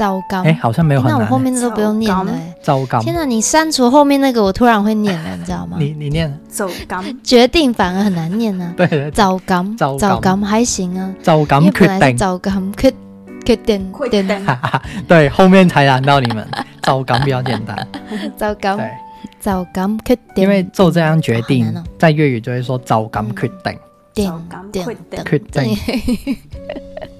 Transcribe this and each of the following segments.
就咁！哎，好像沒有很難、欸。天哪，後面都不用念了、欸。就咁！天哪，你刪除後面那個，我突然會念了，你知道嗎？ 你你念。就咁。決定反而很難念啊。 對，對對。就咁，就咁還行啊。就咁決定。就咁決決定。哈哈。 對，後面才難到你們。就咁，比較簡單。就咁。對。就咁決定。因為就這樣決定，啊喔、在粵語就會說“就咁決定”嗯。定定定。定定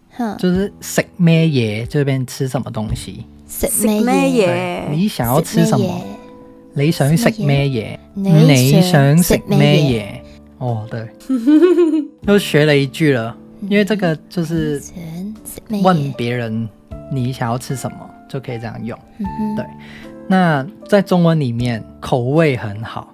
就是食咩嘢？這邊吃什麼東西？食咩嘢？你想要吃什麼？你想食咩嘢？你想食咩嘢？哦，對， 又學了一句了。因為這個就是問別人你想要吃什麼，就可以這樣用。對，那在中文裏面，口味很好。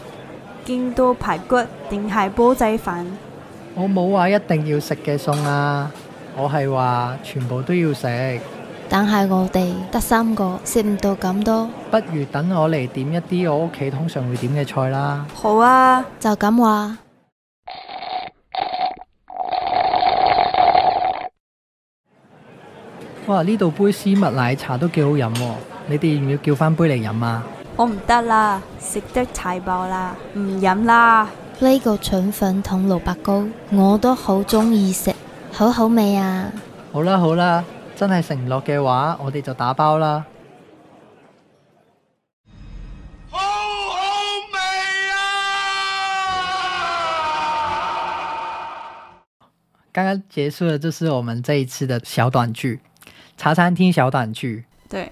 京都排骨定係煲仔飯？我冇話一定要食嘅餸啊，我係話全部都要食。但係我哋得三個，食唔到咁多。不如等我嚟點一啲我屋企通常會點嘅菜啦。好啊，就咁話。哇，呢度杯絲襪奶茶都幾好飲，你哋要唔要叫翻杯嚟飲啊？我唔得啦，食得太飽啦，唔飲啦。呢、這個腸粉同蘿蔔糕我都好中意食，好好味啊！好啦好啦，真係食唔落嘅話，我哋就打包啦。好好味啊！剛剛結束嘅就是我們這一次的小短劇，茶餐廳小短劇。對。